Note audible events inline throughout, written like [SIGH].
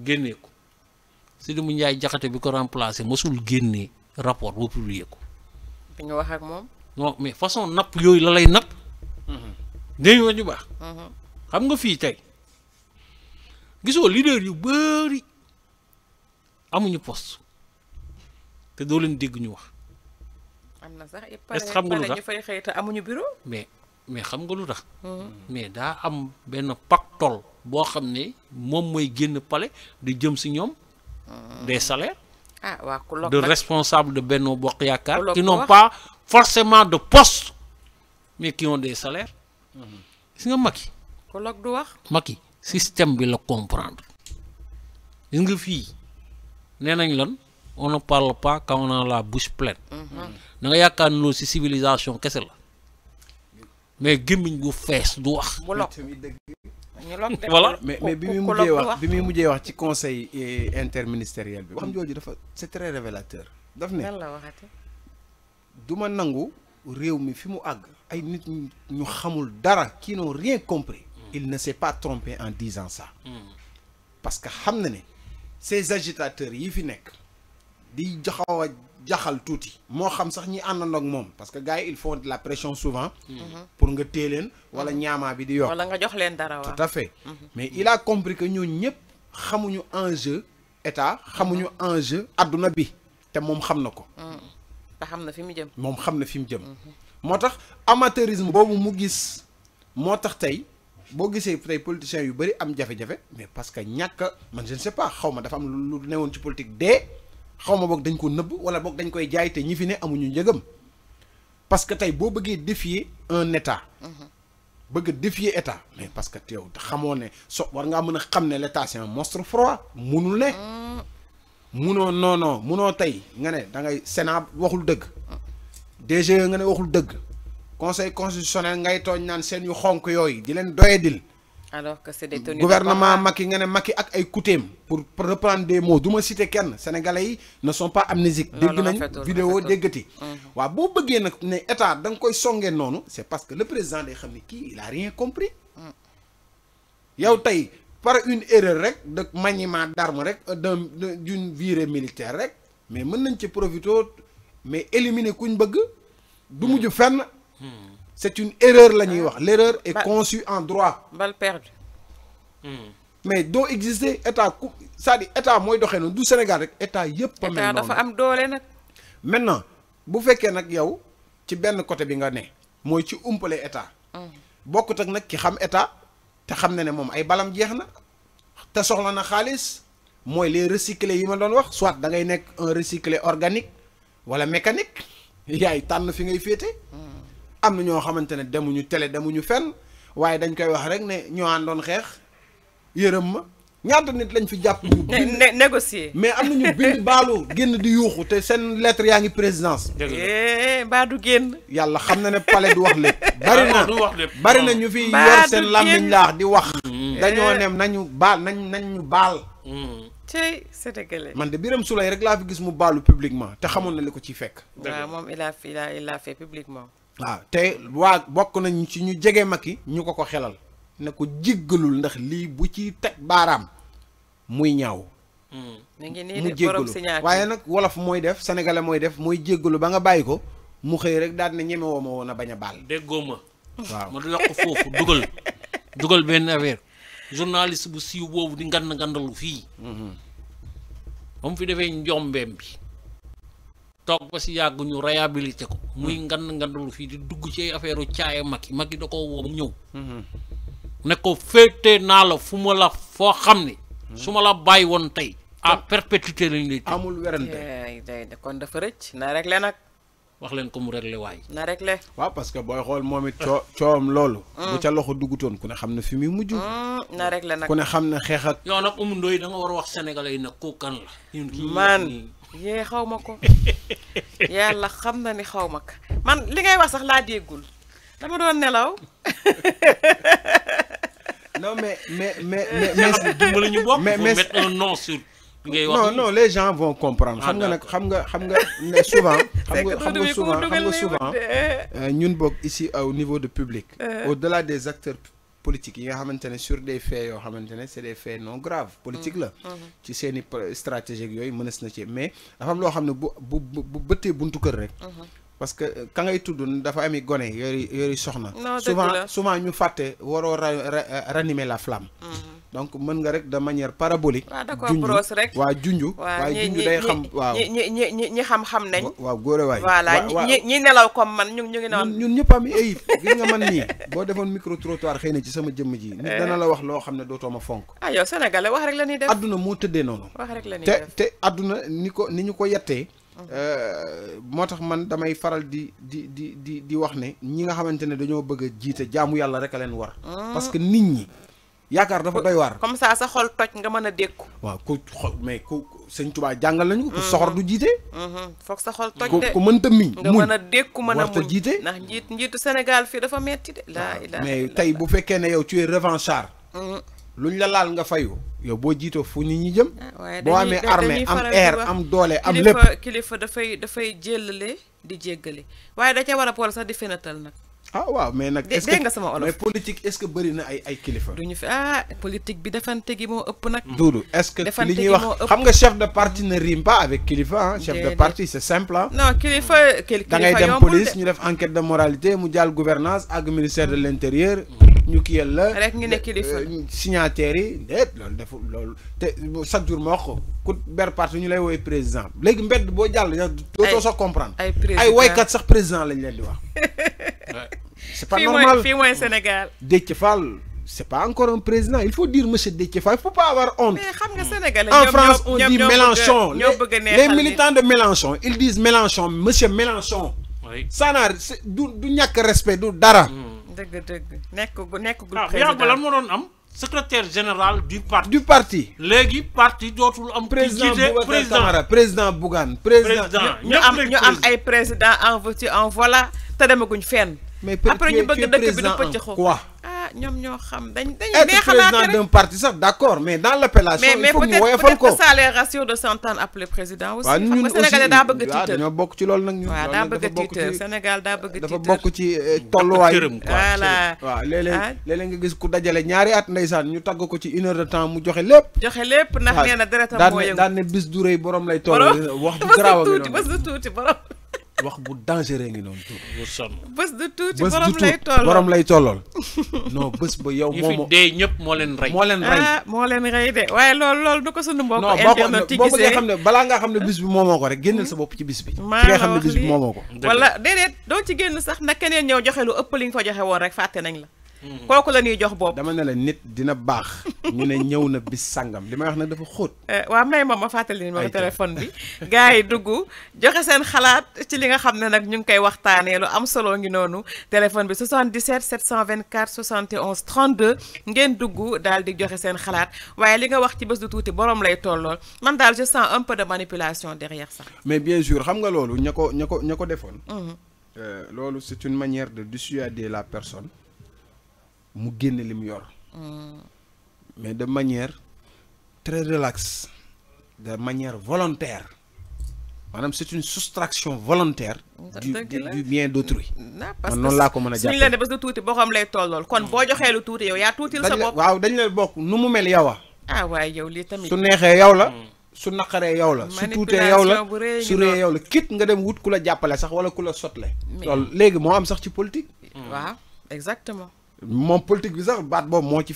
génnee ko Sidimou Ndiaye Diakhaté bi ko remplacer mosul génnee rapport ba publier ko. bi wax ak mom non mais façon nap yoy la lay nap napp. Mhm. dégg nga bax hmm xam nga fi tay gisoo leader yu beuri amuñu poste te do leen dégg ñu wax. amna sax na sax xam fay xey tax amuñu bureau mais. mais xam nga que hmm. mais da am pactole bo xamné ne moy guen hmm. des salaires ah de responsables de Benno bok qui n'ont pas forcément de poste mais qui ont des salaires hmm. gis nga ko colloque du wax système bi la comprendre gis nga on ne parle pas quand on a la bouche pleine da nga civilisation mais gémmiñ du wax. voilà mais mais bi c'est très révélateur. daf qui n'ont rien compris. Hmm. il ne s'est pas trompé en disant ça. Hmm. parce que ces agitateurs yi fi di xaw jaxal touti mo xam sax ñi àndandoo ak mom parce que gars il font de la pression souvent mhm. pour nga téye wala mhm. ñaama bi di yokk wala nga jox leen dara wa tout à fait mhm. mais il a compris que ñoo ñep xamuñu enjeu état xamuñu enjeu aduna bi té mom xam nako ko xam na fi mu jëm mom xam na fi mu jëm motax amateurisme bobu mu gis motax tay bo gisé tay politiciens yu bari am jafé jafé mais parce que ñàkk man je ne sais pas xawma dafa am lu néwon ci politique dee xaw ma boog dañ ko nëbb wala boog dañ koy jaay te ñi fi ne amuñu njegam parce que tey boo bëggee défier un état. bëgg défier état mais parce que teew xamoo ne so war ngaa mën a xam ne l' état c' est un monstre froid munul ne. munoo non munoo tey nga ne da ngay Sénat waxul dëgg. DGE nga ne waxul dëgg. conseil constitutionnel ngay tooñ naan seen yu xonq yooyu di leen doyadil alors que c'est des tenues gouvernement Macky nga Macky pour reprendre des mots du cité citer sénégalais ne sont pas amnésiques dégg vidéo déggati mhm. wa boo bëggee nag ne état da koy songee c'est parce que le président day xam ne il a rien compris mm. yow tey par une erreur rek de maniement d'arme d'une virée militaire rek mais mën nañ ci mais éliminer kuñ bëgg du mm. mujj fenn mm c'est une erreur la ah. l'erreur est conçue en droit. balle perdue. Hmm. mais doo exister état c'est-à-dire état moy doxé non du Sénégal rek état pas état dafa am doolé nak maintenant bu féké nak yow ci côté bi nga né qui ci un état. Hmm. ak nak ki xam état un xam né mom ay balam na les recyclés un wax soit da ngay un recyclé organique wala mécanique [LAUGHS] yaay un fi ngay demuñu télé ne nit lañ fi négocier. mais am nañu bind [LAUGHS] baalu génn di yuuxu te seen lettre yaa présidence. Eh, baa du génn. yàlla xam na palais [LAUGHS] du wax lépp. bari na ñu fi laax di wax. Mm-hmm. Mm-hmm. dañoo nem nañu baal nañ nañ ñu baal. tey mm-hmm. man de biram Souleye rek laa fi gis publiquement te xamoon na li il il a fait publiquement. waaw te waa bokk nañ ci ñu jege yi ñu ko ko xelal ne ko jéggalul ndax lii bu ci teg baaraam muy ñaaw. Hmm. mu jéggalu waaye nag wolof mooy def sénégalais mooy def mooy jéggalu ba nga bàyyi ko mu xëy rek daal ne ñeme woon a bañ a baal. déggoo ma. waaw ma yokk foofu dugal dugal benn affaire journaliste bu siiw boobu di ngand ngandalu fii. Hmm. ba mu fi defee njombeem bi. toog ba si yàgg ñu réhabilité ko. Hmm. muy ngan ngandul fii di dugg ci ay affaire caaya Macky Macky da koo woo ñëw. Hmm. ne ko naa la fu ma la foo xam ne. Hmm. su ma la bàyyi woon tey. à perpétuité lañ lay. amul werante kon dafa rëcc na réglé nag. wax leen ko mu réglé waay. na réglé. waaw parce que booy xool moom it coo loolu. bu ca loxo duggutoon ku ne xam ne fi muy mujj. na réglé nag ku ne xam ne xeex ak. yow nag Oumou Ndoye da war a wax sénégalais yi nag kooku kan la. man. ma xam na ni man je [LAUGHS] non mais mais mais mais mais non non les gens vont comprendre. Ah, xam xam souvent. [LAUGHS] souvent xam souvent euh, ici au niveau de public. Euh. au-delà des acteurs. politique yi nga xamante ne sur des faits yoo xamante ne c'est des faits non graves politique la mmh, mmh. ci seeni i yooyu yooyu mënees na ci mais dafa am loo xam ne bu bu bu bëttee buntu kër rek mmh, parce que euh, ka ngay tudd dafa ami gone yori yori soxna souvent souvent ñu fàtte waroo ranimer la flamme donc mën nga rek de manière parabolique. waaw da koo brosse rek waa junju. waa junju day xam waaw ñi ñi ñi ñi xam-xam nañ. waaw góore waay. voilà ñi ñi nelaw comme man ñu ñu ngi noonu. ñun ñëpp am ayib gis nga nii boo defoon micro trottoir xëy na sama jëmm ji. dana la wax xam ne dootoo ma fonk. ah yow rek la ñuy def. adduna moo tëddee noonu. wax rek la te te ni ko ni ñu ko yettee. Mhm. Euh, moo tax man damay faral di di di di di wax ne ñi nga xamante ne dañoo bëgg a jiite jaamu yàlla rek a leen war. Mhm. parce que nit ñi yaakaar dafa doy waar. comme ça sa xol toj nga mën a dékku. waaw ku xol mais ku sëñ Tuubaa jàngal nañu ko. ku soxor du jiite. Mm-hmm. foog sa xol toj de ku mënta miñ. nga mën a dékku mën a muñ jiite. ndax njiit njiitu Sénégal fii dafa metti de. tey bu fekkee ne yow tu es mm-hmm. lu ñu la laal nga fayu yow boo jiitoo fu nit ñi jëm. Ah, boo amee armée am air am doole am lépp. kilifa dafay dafay jéllale di jéggale waaye da ca war a pool sax di fenatal nag. ah waaw mais nag. dégg nga sama olof mais politique est-ce que bëri na ay ay kilifa. du ñu fi ah politique bi defante gi moo ëpp nag. Doudou est-ce que li ñuy wax xam nga chef de parti ne rime pas avec kilifa hein chef de parti c'est simple ah. non kilifa kilifa da ngay dem police ñu def enquête de moralité mu jàll gouvernance ak ministère de l'intérieur. ñu kiyal la rek ñu ne kilifa euh, signataires yi déet loolu deful loolu te chaque jour ma ko ku ber parti ñu lay woy président léegi mbedd boo jàll dootoo sax comprendre. ay ay waykat sax président lañ leen di wax. [LAUGHS] c'est pas normal fii mooy Sénégal. Déthié c'est pas encore un président il faut dire monsieur Déthié il faut pas avoir honte. mais xam nga en France on dit Mélenchon les militants de Mélenchon ils disent Mélenchon monsieur Mélenchon. ça n'a du du respect du dara. Hmm. dëgg dëgg nekk gu gu ah, doon am. secrétaire général du parti. du parti. Légui parti dootul am. président président Bougan, président ñu am ñu ay président en voici en voilà te demaguñ fenn. mais après ñu bëgg dëkk bi du pëcc quoi ah, ñoom ñoo xam dañ dañ être président d'un parti sax d'accord mais dans l'appellation il faut ko mais mais peut-être peut de s'entendre appeler président aussi xam nga Sénégal daa bëgg tiital dañoo bokk ci loolu nag ñun waaw daa bëgg tiital Sénégal daa bëgg tiital dafa bokk ci euh, tolluwaay voilà waaw léeg-léeg ah. léeg nga gis ku dajale ñaari at ndeysaan ñu tagg ko ci une heure de temps mu joxe lépp joxe lépp ndax nee na deretam moo yëngu daan ne bis du rëy borom lay toll wax ju garaaw tuuti bés du tuuti wax bu dangereux ngi noonu. bu sonn bés du tuuti borom lay tollol borom lay tollol non bés ba ñëpp moo leen rey. moo leen rey ah moo leen rey de waaye loolu loolu du ko internet yi gisee xam ne balaa ngaa xam ne bis bi moomoo ko rek génneel sa bopp ci bis bi. maa nga xam ne bis bi moomoo ko. wala déedéet doo ci génn sax na keneen ñëw joxe lu ëpp li nga ko joxe woon rek fàtte nañ la. Hmm. kooku la ñuy jox bopp dama ne la nit dina bax ñu ne ñëw na bis sangam li wax nak dafa xóot eh, wa am nay ma fatali ni ma téléphone bi gaay duggu joxe sen xalaat ci li nga xamne nak nag ñu koy waxtane lu am solo ngi nonu téléphone bi 77 724 71 32 ngeen duggu daal di joxe sen xalaat waye li nga wax ci bés du tuti borom lay tollool man dal je sens un peu de manipulation derrière ça mais bien sûr xam nga lolu ñako ñako ñako defone ña ko hmm. euh, c'est une manière de dissuader la personne mu génne li yor. mais de manière très relaxe de manière volontaire maanaam c'est une soustraction volontaire. du du bien d'autrui. man noonu laa ko mën a jàppee parce que bés du tuuti boo xam lay tollool kon boo joxee lu tuuti yow yaa tuutil sa bopp. waaw dañ lay bokk nu mu mel yow a. ah waaye yow lii tamit. su neexee yow la. Mm. su naqaree yow la su tuutee yow la su ree yow la kit nga dem wut ku la jàppale sax wala ku la sotle. loolu léegi moo am sax ci politique. Mm. waaw exactement. Mon politique bi sax baat boobu moo ci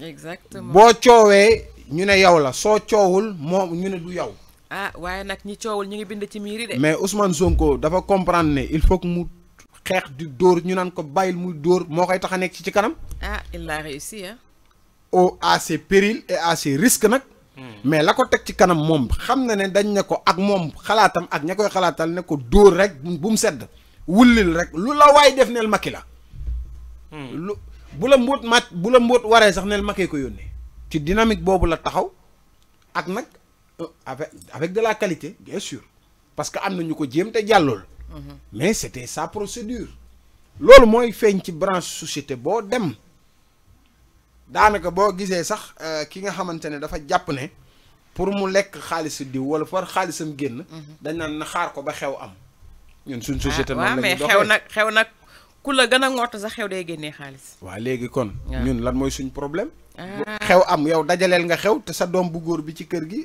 exactement boo coowee nous ne yow la so coowul moom nous ne du yow. ah ouais, nak ñi coowul ñu ngi bind ci miiri de. mais Ousmane Sonko dafa comprendre ne il faut que mu xex du dor ñu naan ko bayil muy dor. moo koy tax a ci ci kanam. ah il a réussi hein. au à ses périls et à ses risques nak hmm. mais la ko tek ci kanam mom xam na ne dañ ne ko ak mom xalaatam ak ñakoy koy ne ko dor rek bu mu sedd wulil rek lu la way def nel makila la. Hmm. bu la mbóot mat bu la mbóot waree sax neel makee ko yónnee ci dynamique boobu la taxaw ak nag euh, avec avec de la qualité bien sûr parce que am na ñu ko jéem te jàllul mm-hmm. mais c'était sa procédure loolu mooy feeñ ci branche société boo dem daanaka boo gisee sax euh, ki nga xamante ne dafa jàpp ne pour mu lekk xaalisu diw wala far xaalisam génn mm-hmm. dañ na xaar ko ba xew am ñun suñ société ah, noonu la ñuy xew nag xew nag ku la gën a ngootu sax xew day génnee xaalis. waaw léegi kon. ñun lan mooy suñ problème. Ah. xew am yow dajaleel nga xew te sa doom bu góor bi ci kër gi